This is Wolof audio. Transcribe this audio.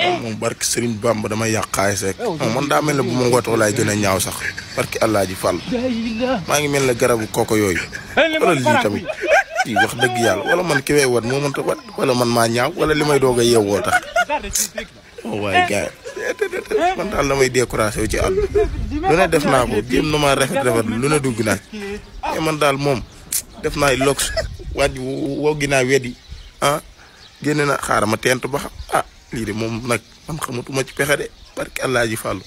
Eh. moom barki Serigne Bamba dama yàq ASC eh, man daa mel ne bu ma ngootoo laay gën a ñaaw sax barki allah ji fàll maa ngi mel ne garabu koko yooyu wala eh, lii tamit lii wax dëgg yàlla wala man ki may wat moo mënta wat man maa ñaaw wala li may doog a yeewoo tax oh, waaye gars yi man daal damay découragé wu ci àll def naa ko jéem na maa dugg naa man daal moom def naa lox waaj woo gi ah, na xaaral ma ba xam ah, lii de moom nag man xamatuma ci pexe de barke Alaaji Fàllu